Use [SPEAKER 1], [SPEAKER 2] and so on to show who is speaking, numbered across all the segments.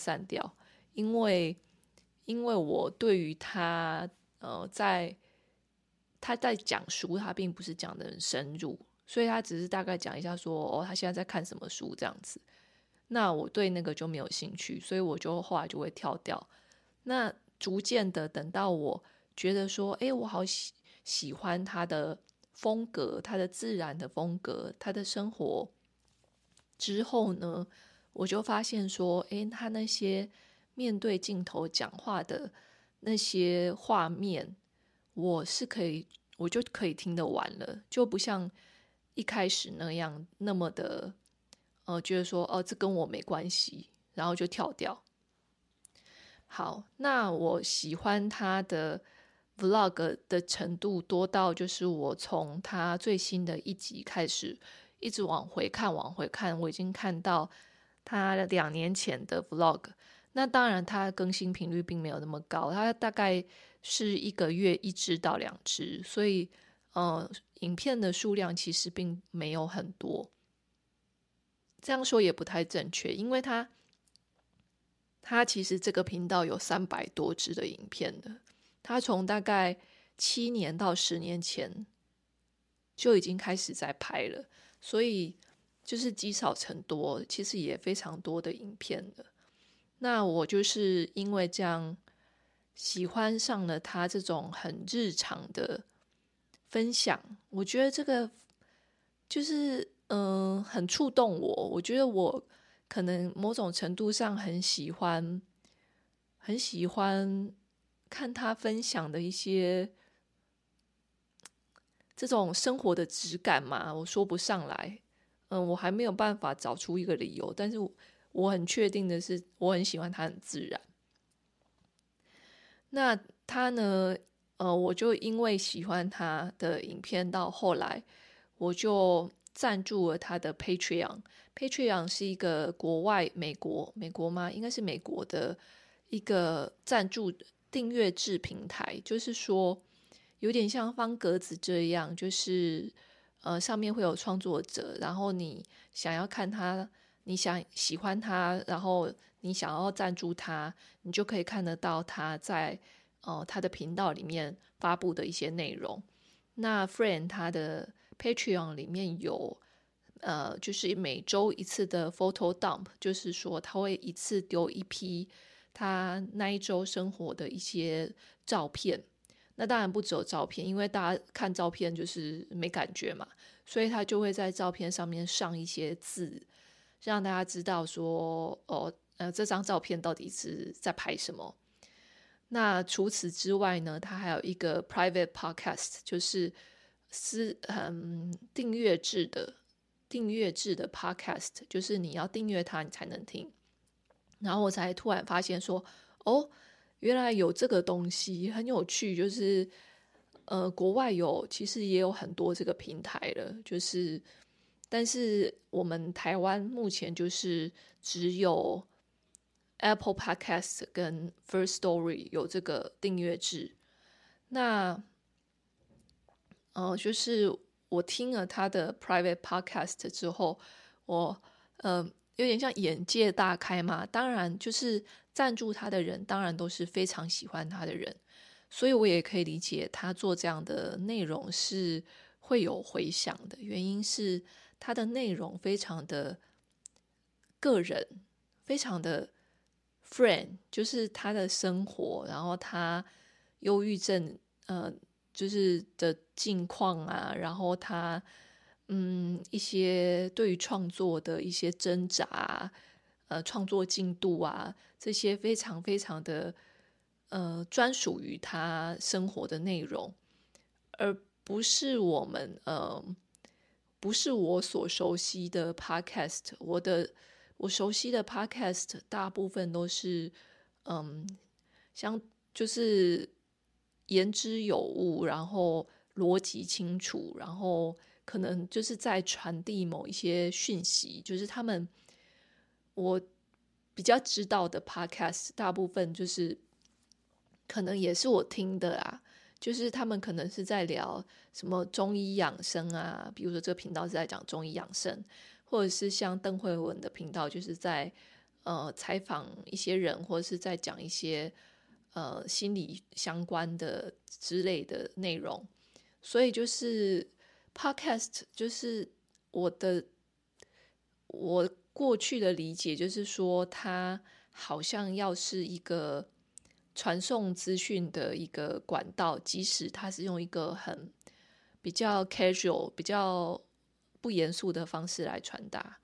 [SPEAKER 1] 散掉，因為因為我對於他，呃，在他在講書，他並不是講的很深入，所以他只是大概講一下說，哦，他現在在看什麼書這樣子。那我對那個就沒有興趣，所以我就後來就會跳掉。那逐漸的，等到我覺得說，哎，我好喜喜歡他的風格，他的自然的風格，他的生活之後呢，我就發現說，誒，他那些面對鏡頭講話的那些畫面，我是可以，我就可以聽得完了，就不像一開始那樣那麼的，呃，覺得說，哦，這跟我沒關係，然後就跳掉。好，那我喜歡他的 vlog 的程度多到，就是我從他最新的一集開始，一直往回看，往回看，我已經看到。他兩年前的 Vlog，那當然他更新頻率並沒有那麼高，他大概是一個月一支到兩支，所以，嗯，影片的數量其實並沒有很多。這樣說也不太正確，因為他，他其實這個頻道有三百多支的影片的，他從大概七年到十年前就已經開始在拍了，所以。就是積少成多，其實也非常多的影片的。那我就是因為這樣喜歡上了他這種很日常的分享，我覺得這個就是嗯很觸動我。我覺得我可能某種程度上很喜歡，很喜歡看他分享的一些這種生活的質感嘛，我說不上來。嗯，我還沒有辦法找出一個理由，但是我很確定的是，我很喜歡他，很自然。那他呢？呃，我就因為喜歡他的影片，到後來我就贊助了他的 Patreon。Patreon 是一個國外美國美國嗎？應該是美國的一個贊助訂閱制平台，就是說有點像方格子這樣，就是。呃，上面會有創作者，然後你想要看他，你想喜歡他，然後你想要贊助他，你就可以看得到他在哦、呃、他的頻道裡面發布的一些內容。那 Friend 他的 Patreon 裡面有呃，就是每週一次的 Photo Dump，就是說他會一次丟一批他那一週生活的一些照片。那當然不只有照片，因為大家看照片就是沒感覺嘛，所以他就會在照片上面上一些字，讓大家知道說，哦，呃，這張照片到底是在拍什麼。那除此之外呢，他還有一個 private podcast，就是私嗯訂閱制的訂閱制的 podcast，就是你要訂閱他，你才能聽。然後我才突然發現說，哦。原來有這個東西，很有趣，就是呃，國外有其實也有很多這個平台的，就是但是我們台灣目前就是只有 Apple Podcast 跟 First Story 有這個訂閱制。那，哦、呃，就是我聽了他的 Private Podcast 之後，我嗯。呃有點像眼界大開嘛，當然就是贊助他的人，當然都是非常喜歡他的人，所以我也可以理解他做這樣的內容是會有回響的原因，是他的內容非常的個人，非常的 friend，就是他的生活，然後他憂鬱症，嗯、呃，就是的近況啊，然後他。嗯，一些對於創作的一些掙扎啊，呃，創作進度啊，這些非常非常的，呃，專屬於他生活的內容，而不是我們呃，不是我所熟悉的 podcast。我的我熟悉的 podcast 大部分都是，嗯，像就是言之有物，然後邏輯清楚，然後。可能就是在傳遞某一些訊息，就是他們，我比較知道的 podcast 大部分就是，可能也是我聽的啊，就是他們可能是在聊什麼中醫養生啊，比如說這個頻道是在講中醫養生，或者是像鄧惠文的頻道，就是在呃採訪一些人，或者是在講一些呃心理相關的之類的內容，所以就是。Podcast 就是我的，我過去的理解就是說，它好像要是一個傳送資訊的一個管道，即使它是用一個很比較 casual、比較不嚴肅的方式來傳達。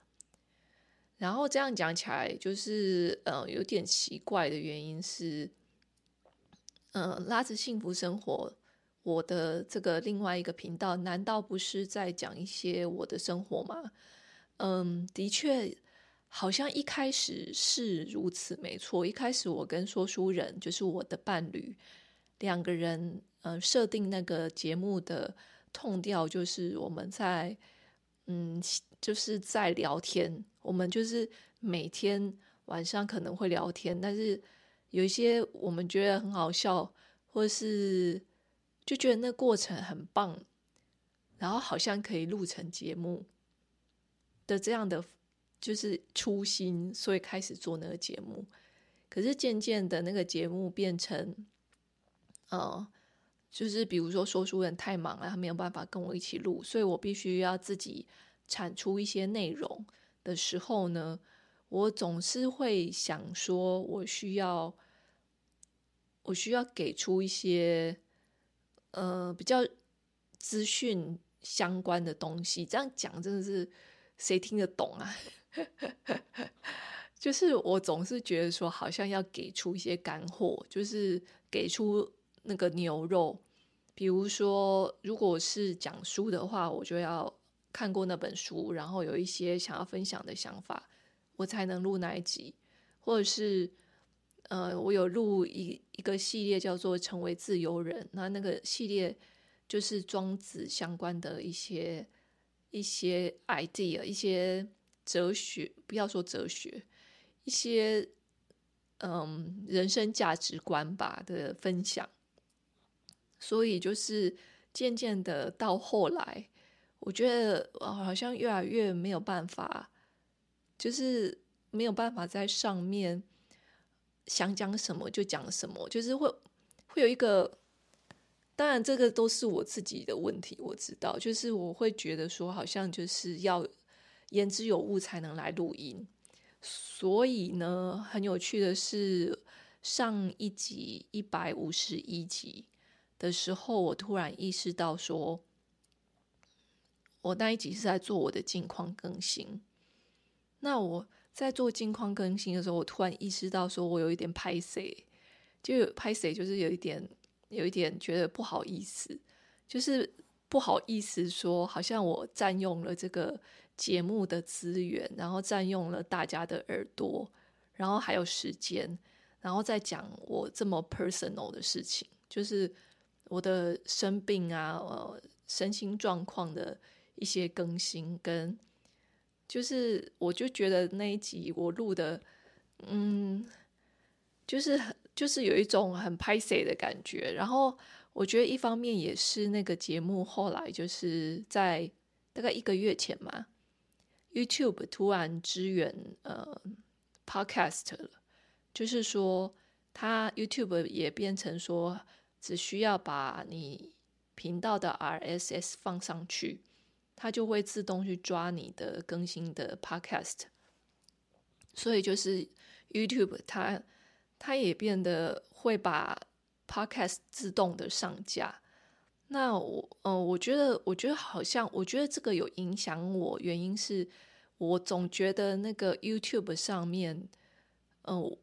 [SPEAKER 1] 然後這樣講起來，就是嗯，有點奇怪的原因是，嗯，拉子幸福生活。我的這個另外一個頻道，難道不是在講一些我的生活嗎？嗯，的確，好像一開始是如此，沒錯。一開始我跟說書人，就是我的伴侶，兩個人，嗯，設定那個節目的 tone 調，就是我們在，嗯，就是在聊天。我們就是每天晚上可能會聊天，但是有一些我們覺得很好笑，或是。就覺得那個過程很棒，然後好像可以錄成節目，的這樣的就是初心，所以開始做那個節目。可是漸漸的那個節目變成，呃，嗯，就是比如說說書人太忙了，他沒有辦法跟我一起錄，所以我必須要自己產出一些內容的時候呢，我總是會想說，我需要，我需要給出一些。呃，比較資訊相關的東西，這樣講真的是誰聽得懂啊？ 就是我總是覺得說，好像要給出一些乾貨，就是給出那個牛肉。比如說，如果我是講書的話，我就要看過那本書，然後有一些想要分享的想法，我才能錄那一集，或者是。呃、嗯，我有錄一一個系列叫做《成為自由人》，那那個系列就是莊子相關的一些一些 idea，一些哲學，不要說哲學，一些嗯人生價值觀吧的分享。所以就是漸漸的到後來，我覺得好像越來越沒有辦法，就是沒有辦法在上面。想講什麼就講什麼，就是會會有一個。當然，這個都是我自己的問題，我知道。就是我會覺得說，好像就是要言之有物才能來錄音。所以呢，很有趣的是，上一集151集的時候，我突然意識到說，我那一集是在做我的近況更新。那我。在做近況更新的時候，我突然意識到，說我有一點歹勢，就歹勢，就是有一點，有一點覺得不好意思，就是不好意思說，好像我占用了這個節目的資源，然後占用了大家的耳朵，然後還有時間，然後再講我這麼 personal 的事情，就是我的生病啊，呃，身心狀況的一些更新跟。就是，我就覺得那一集我錄的，嗯，就是很，就是有一種很拍攝的感覺。然後我覺得一方面也是那個節目後來就是在大概一個月前嘛，YouTube 突然支援呃 Podcast 了，就是說它 YouTube 也變成說只需要把你頻道的 RSS 放上去。它就會自動去抓你的更新的 Podcast，所以就是 YouTube 它它也變得會把 Podcast 自動的上架。那我嗯、呃，我覺得我覺得好像我覺得這個有影響我，原因是我總覺得那個 YouTube 上面嗯、呃，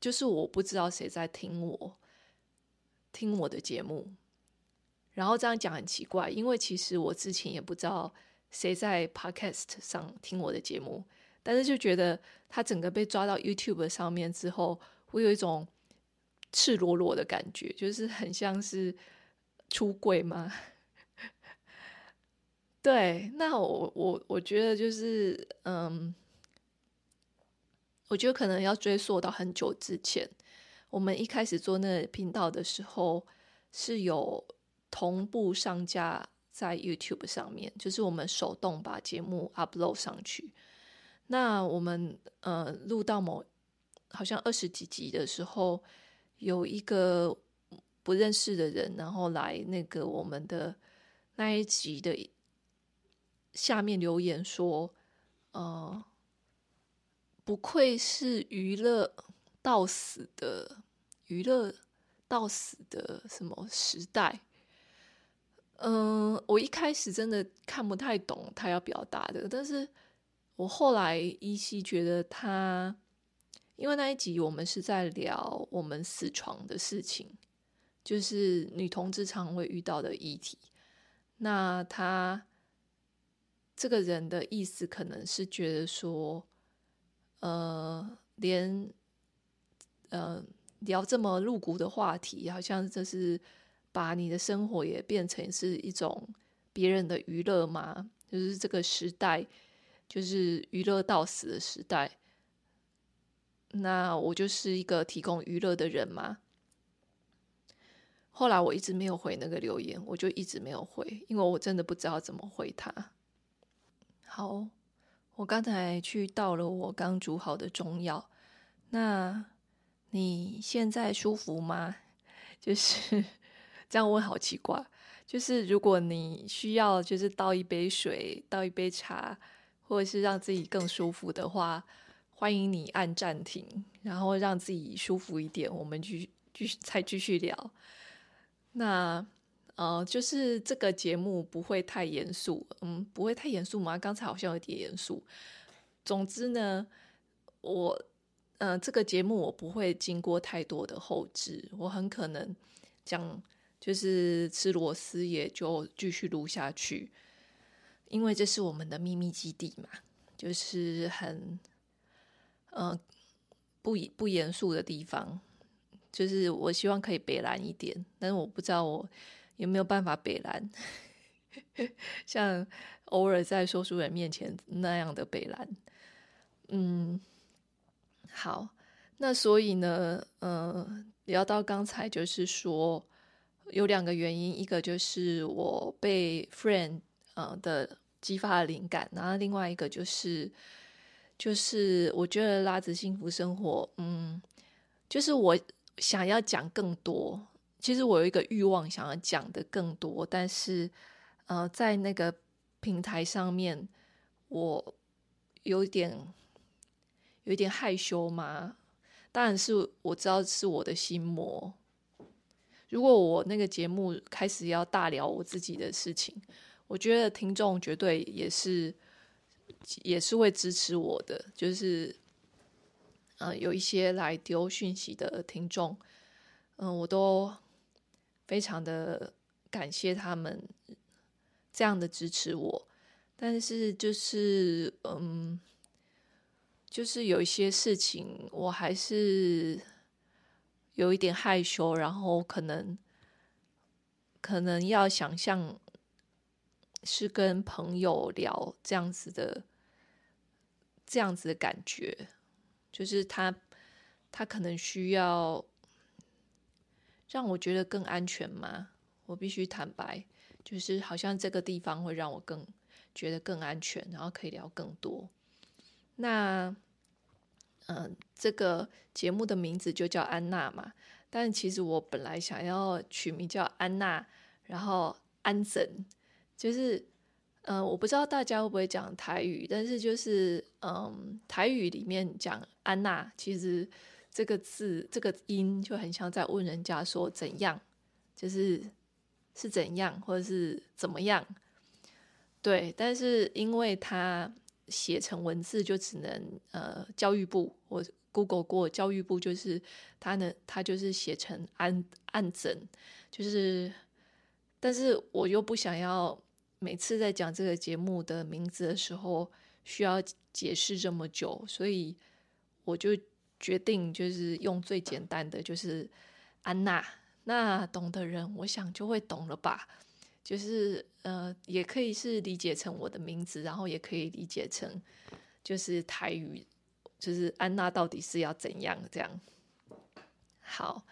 [SPEAKER 1] 就是我不知道誰在聽我聽我的節目。然後這樣講很奇怪，因為其實我之前也不知道誰在 Podcast 上聽我的節目，但是就覺得他整個被抓到 YouTube 上面之後，會有一種赤裸裸的感覺，就是很像是出櫃嗎？ 對，那我我我覺得就是嗯，我覺得可能要追溯到很久之前，我們一開始做那個頻道的時候是有。同步上架在 YouTube 上面，就是我們手動把節目 upload 上去。那我們呃錄到某好像二十幾集的時候，有一個不認識的人，然後來那個我們的那一集的下面留言說：“呃，不愧是娛樂到死的娛樂到死的什麼時代。”嗯，我一開始真的看不太懂他要表達的，但是我後來依稀覺得他，因為那一集我們是在聊我們死床的事情，就是女同志常會遇到的議題。那他這個人的意思可能是覺得說，呃，連呃聊這麼露骨的話題，好像這是。把你的生活也變成是一種別人的娛樂嗎？就是這個時代，就是娛樂到死的時代。那我就是一個提供娛樂的人嘛。後來我一直沒有回那個留言，我就一直沒有回，因為我真的不知道怎麼回他。好，我剛才去倒了我剛煮好的中藥。那你現在舒服嗎？就是。這樣問好奇怪，就是如果你需要，就是倒一杯水，倒一杯茶，或者是讓自己更舒服的話，歡迎你按暫停，然後讓自己舒服一點，我們繼續繼續再繼續聊。那呃，就是這個節目不會太嚴肅，嗯，不會太嚴肅嗎？剛才好像有點嚴肅。總之呢，我嗯、呃，這個節目我不會經過太多的後製，我很可能講。就是吃螺絲，也就繼續錄下去，因為這是我們的秘密基地嘛，就是很，嗯、呃，不不嚴肅的地方，就是我希望可以白爛一點，但是我不知道我有沒有辦法白爛 像偶爾在說書人面前那樣的白爛。嗯，好，那所以呢，嗯、呃，聊到剛才就是說。有兩個原因，一個就是我被 friend 呃的激發了靈感，然後另外一個就是就是我覺得拉子幸福生活，嗯，就是我想要講更多。其實我有一個欲望，想要講的更多，但是呃，在那個平台上面，我有點有點害羞嘛。當然是我知道是我的心魔。如果我那個節目開始要大聊我自己的事情，我覺得聽眾絕對也是，也是會支持我的。就是，嗯、呃，有一些來丟訊息的聽眾，嗯、呃，我都非常的感謝他們這樣的支持我。但是，就是，嗯，就是有一些事情，我還是。有一點害羞，然後可能可能要想象是跟朋友聊這樣子的這樣子的感覺，就是他他可能需要讓我覺得更安全嗎？我必須坦白，就是好像這個地方會讓我更覺得更安全，然後可以聊更多。那。嗯，這個節目的名字就叫安納嘛。但其實我本來想要取名叫安納，然後安怎。就是，嗯，我不知道大家會不會講台語，但是就是，嗯，台語裡面講安納，其實這個字這個音就很像在問人家說怎樣，就是是怎樣，或者是怎麼樣。對，但是因為它。寫成文字就只能呃，教育部，我 Google 過，教育部就是他呢，他就是寫成安安整，就是，但是我又不想要每次在講這個節目的名字的時候需要解釋這麼久，所以我就決定就是用最簡單的，就是安娜，那懂的人我想就會懂了吧。就是呃，也可以是理解成我的名字，然後也可以理解成就是台語，就是安娜到底是要怎樣這樣。好，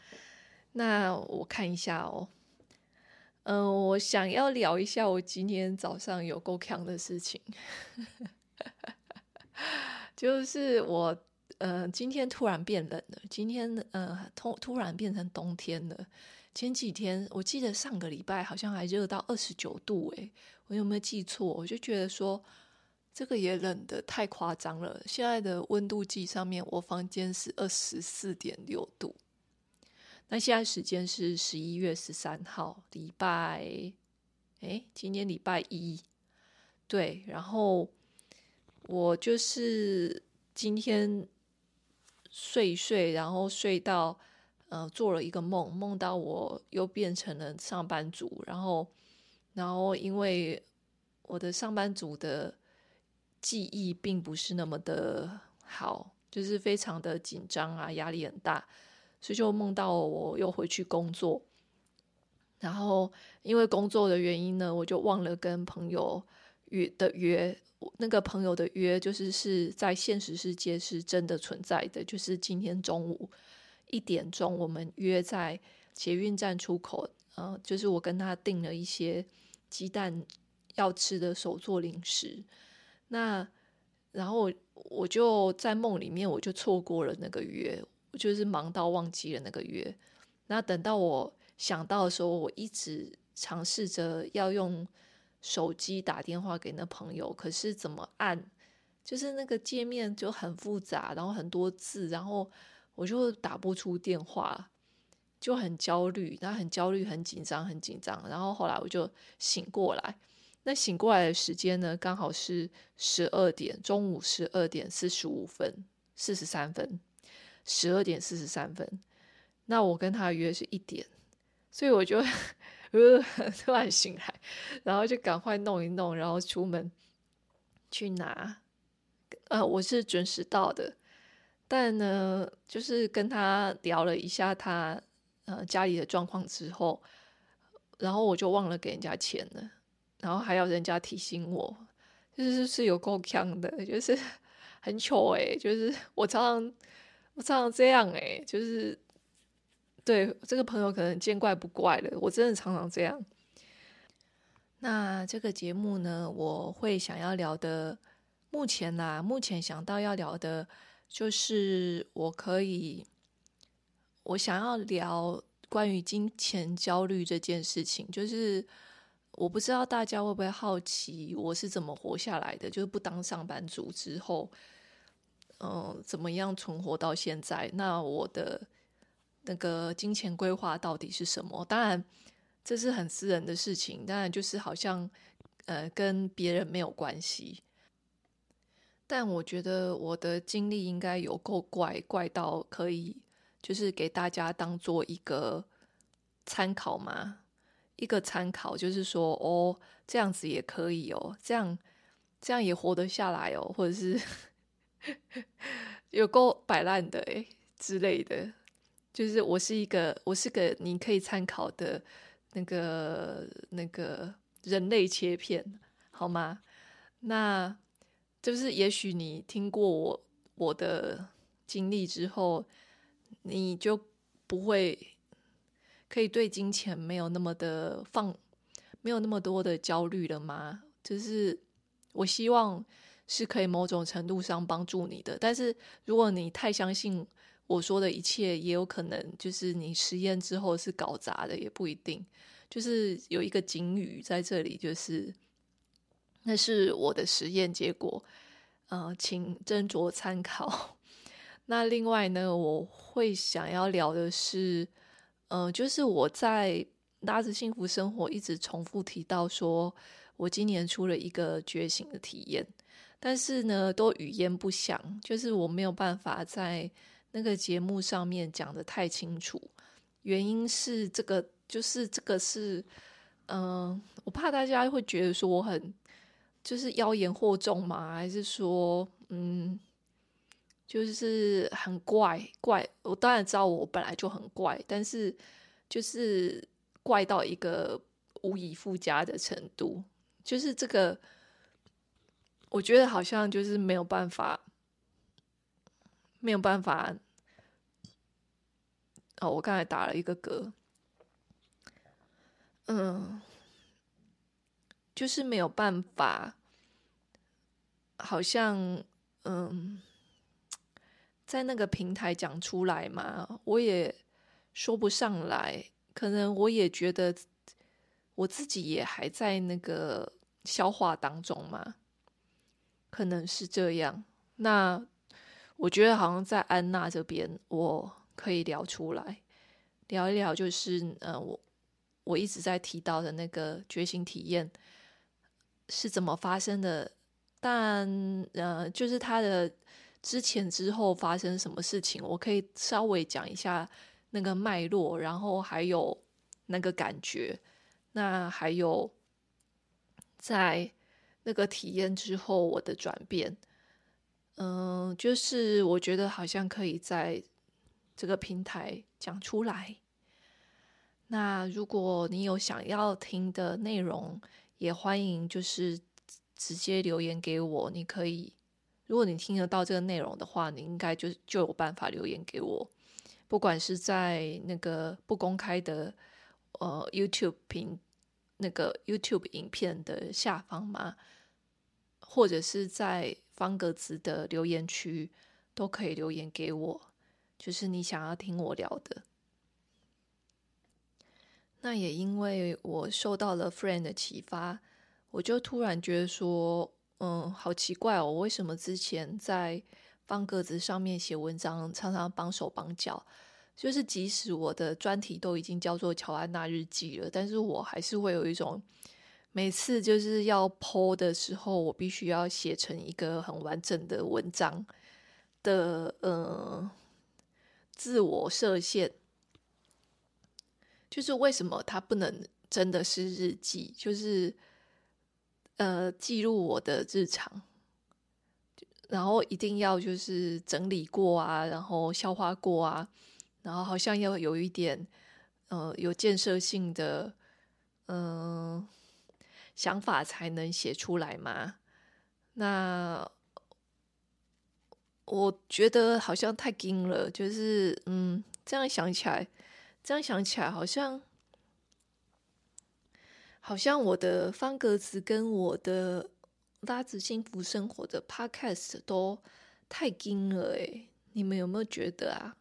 [SPEAKER 1] 那我看一下哦。嗯、呃，我想要聊一下我今天早上有夠強的事情， 就是我呃今天突然變冷了，今天呃突突然變成冬天了。前幾天，我記得上個禮拜好像還熱到二十九度，欸，我有沒有記錯？我就覺得說這個也冷的太誇張了。現在的溫度計上面，我房間是二十四點六度。那現在時間是十一月十三號，禮拜，誒、欸，今天禮拜一，對。然後我就是今天睡睡，然後睡到。呃，做了一個夢，夢到我又變成了上班族，然後，然後因為我的上班族的記憶並不是那麼的好，就是非常的緊張啊，壓力很大，所以就夢到我又回去工作，然後因為工作的原因呢，我就忘了跟朋友約的約，那個朋友的約就是是在現實世界是真的存在的，就是今天中午，一點鐘，我們約在捷運站出口。嗯，就是我跟他訂了一些雞蛋要吃的手作零食。那然後我就在夢裡面，我就錯過了那個約，我就是忙到忘記了那個約。那等到我想到的時候，我一直嘗試着要用手機打電話給那朋友，可是怎麼按？就是那個界面就很複雜，然後很多字，然後。我就打不出電話，就很焦慮，他很焦慮，很緊張，很緊張。然後後來我就醒過來，那醒過來的時間呢，剛好是十二點，中午十二點四十五分，四十三分，十二點四十三分。那我跟他約是一點，所以我就呃突然醒來，然後就趕快弄一弄，然後出門去拿。呃、啊，我是準時到的。但呢，就是跟他聊了一下他呃家裡的狀況之後，然後我就忘了給人家錢了，然後還要人家提醒我，就是是有夠嗆的，就是很糗哎、欸，就是我常常我常常這樣哎、欸，就是對這個朋友可能見怪不怪了，我真的常常這樣。那這個節目呢，我會想要聊的，目前啦，目前想到要聊的。就是我可以，我想要聊關於金錢焦慮這件事情。就是我不知道大家會不會好奇，我是怎麼活下來的？就是不當上班族之後，嗯、呃，怎麼樣存活到現在？那我的那個金錢規劃到底是什麼？當然，這是很私人的事情，當然就是好像呃，跟別人沒有關係。但我覺得我的經歷應該有夠怪，怪到可以，就是給大家當做一個參考嘛，一個參考，就是說哦，這樣子也可以哦，這樣這樣也活得下來哦，或者是有夠擺爛的、欸、之類的，就是我是一個，我是個你可以參考的那個那個人類切片，好嗎？那。就是，也許你聽過我我的經歷之後，你就不會可以對金錢沒有那麼的放，沒有那麼多的焦慮了嗎？就是我希望是可以某種程度上幫助你的，但是如果你太相信我說的一切，也有可能就是你實驗之後是搞砸的，也不一定。就是有一個警語在這裡，就是。那是我的實驗結果，呃，請斟酌參考。那另外呢，我會想要聊的是，呃，就是我在拉子幸福生活一直重複提到說，我今年出了一個覺醒的體驗，但是呢，都語焉不詳，就是我沒有辦法在那個節目上面講得太清楚。原因是這個，就是這個是，嗯、呃，我怕大家會覺得說我很。就是妖言惑眾嗎？還是說，嗯，就是很怪怪？我當然知道，我本來就很怪，但是就是怪到一個無以復加的程度。就是這個，我覺得好像就是沒有辦法，沒有辦法。哦，我剛才打了一個嗝。嗯。就是沒有辦法，好像嗯，在那個平台講出來嘛，我也說不上來。可能我也覺得，我自己也還在那個消化當中嘛，可能是這樣。那我覺得，好像在安納這邊，我可以聊出來，聊一聊，就是嗯、呃，我我一直在提到的那個覺醒體驗。是怎麼發生的？但呃，就是他的之前、之後發生什麼事情，我可以稍微講一下那個脈絡，然後還有那個感覺，那還有在那個體驗之後我的轉變。嗯、呃，就是我覺得好像可以在這個平台講出來。那如果你有想要聽的內容，也歡迎，就是直接留言給我。你可以，如果你聽得到這個內容的話，你應該就就有辦法留言給我。不管是在那個不公開的呃 YouTube 頻，那個 YouTube 影片的下方嘛，或者是在方格子的留言區，都可以留言給我，就是你想要聽我聊的。那也因為我受到了 friend 的啟發，我就突然覺得說，嗯，好奇怪哦，我為什麼之前在方格子上面寫文章常常綁手綁腳，就是即使我的專題都已經叫做喬安納日記了，但是我還是會有一種每次就是要 po 的時候，我必須要寫成一個很完整的文章的，呃、嗯，自我設限。就是為什麼他不能真的是日記？就是，呃，記錄我的日常，然後一定要就是整理過啊，然後消化過啊，然後好像要有一點，呃，有建設性的，嗯、呃，想法才能寫出來嘛。那我覺得好像太緊了，就是，嗯，這樣想起來。這樣想起來，好像，好像我的方格子跟我的拉子幸福生活的 Podcast 都太正經了誒，你們有沒有覺得啊？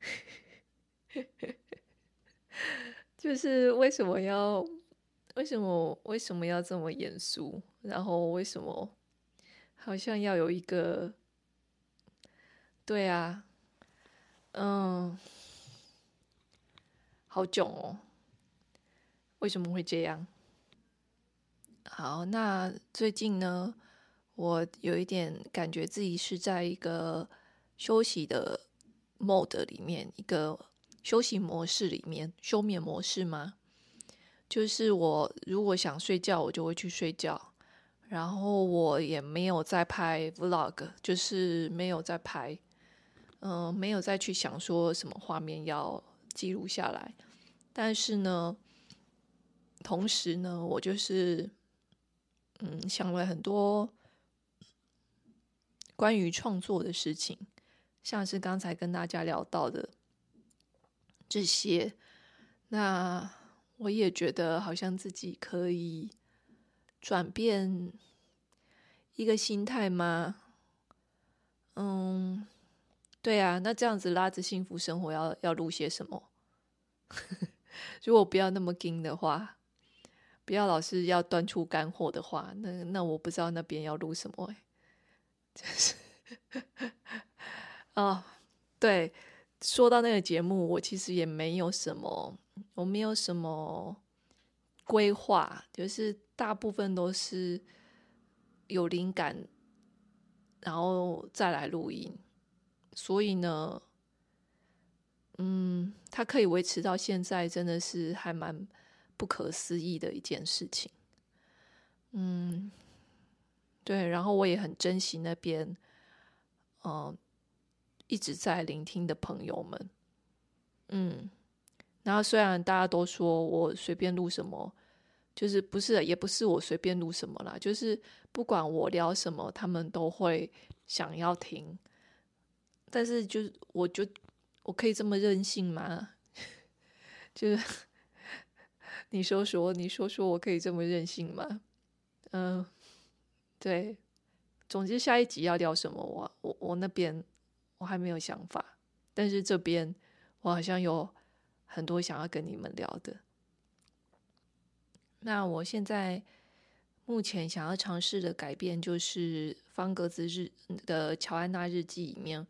[SPEAKER 1] 就是為什麼要，為什麼為什麼要這麼嚴肅？然後為什麼好像要有一個？對啊，嗯。好囧哦，為什麼會這樣？好，那最近呢，我有一點感覺自己是在一個休息的 mode 裡面，一個休息模式裡面，休眠模式嘛。就是我如果想睡覺，我就會去睡覺。然後我也沒有在拍 vlog，就是沒有在拍，嗯、呃，沒有再去想說什麼畫面要記錄下來。但是呢，同時呢，我就是嗯，想了很多關於創作的事情，像是剛才跟大家聊到的這些，那我也覺得好像自己可以轉變一個心態嗎？嗯，對啊，那這樣子拉子幸福生活要要錄些什麼？ 如果不要那麼驚的話，不要老是要端出乾貨的話，那那我不知道那邊要錄什麼哎、欸，就是 哦，對，說到那個節目，我其實也沒有什麼，我沒有什麼規劃，就是大部分都是有靈感，然後再來錄音，所以呢。嗯，它可以維持到現在，真的是還蠻不可思議的一件事情。嗯，對，然後我也很珍惜那邊，嗯、呃，一直在聆聽的朋友們。嗯，然後雖然大家都說我隨便錄什麼，就是不是，也不是我隨便錄什麼啦，就是不管我聊什麼，他們都會想要聽。但是就是我就。我可以這麼任性嗎？ 就是你說說，你說說我可以這麼任性嗎？嗯，對。總之，下一集要聊什麼？我我我那邊我還沒有想法，但是這邊我好像有很多想要跟你們聊的。那我現在目前想要嘗試的改變，就是方格子日的喬安納日記裡面，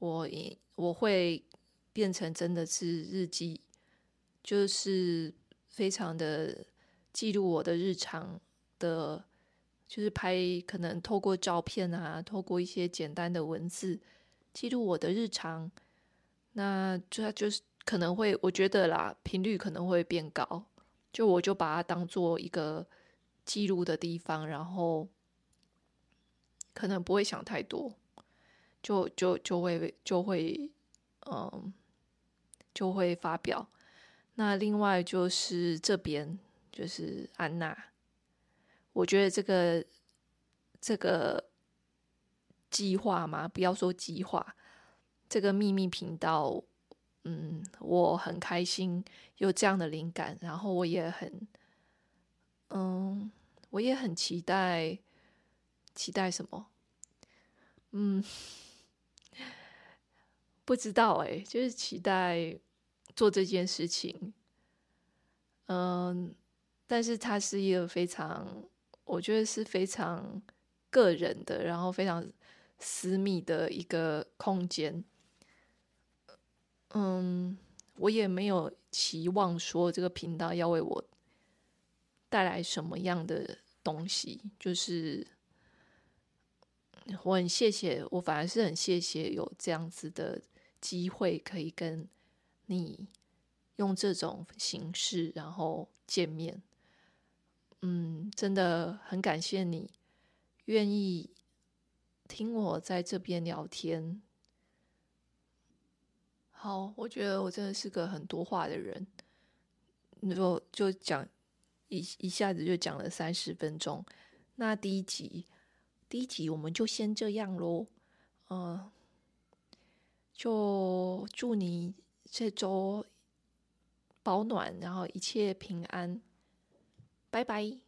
[SPEAKER 1] 我我會。變成真的是日記，就是非常的記錄我的日常的，就是拍可能透過照片啊，透過一些簡單的文字記錄我的日常。那就就，就是可能會，我覺得啦，頻率可能會變高。就我就把它當做一個記錄的地方，然後可能不會想太多，就就就會就會嗯。就會發表。那另外就是這邊，就是安納。我覺得這個這個計劃嘛，不要說計劃，這個秘密頻道，嗯，我很開心有這樣的靈感，然後我也很，嗯，我也很期待，期待什麼？嗯，不知道誒，就是期待。做這件事情，嗯，但是它是一個非常，我覺得是非常個人的，然後非常私密的一個空間。嗯，我也沒有期望說這個頻道要為我帶來什麼樣的東西，就是我很謝謝，我反而是很謝謝有這樣子的機會可以跟。你用這種形式，然後見面，嗯，真的很感謝你願意聽我在這邊聊天。好，我覺得我真的是個很多話的人，就就講一一下子就講了三十分鐘。那第一集，第一集我們就先這樣嘍。嗯，就祝你。去做保暖，然後一切平安，拜拜。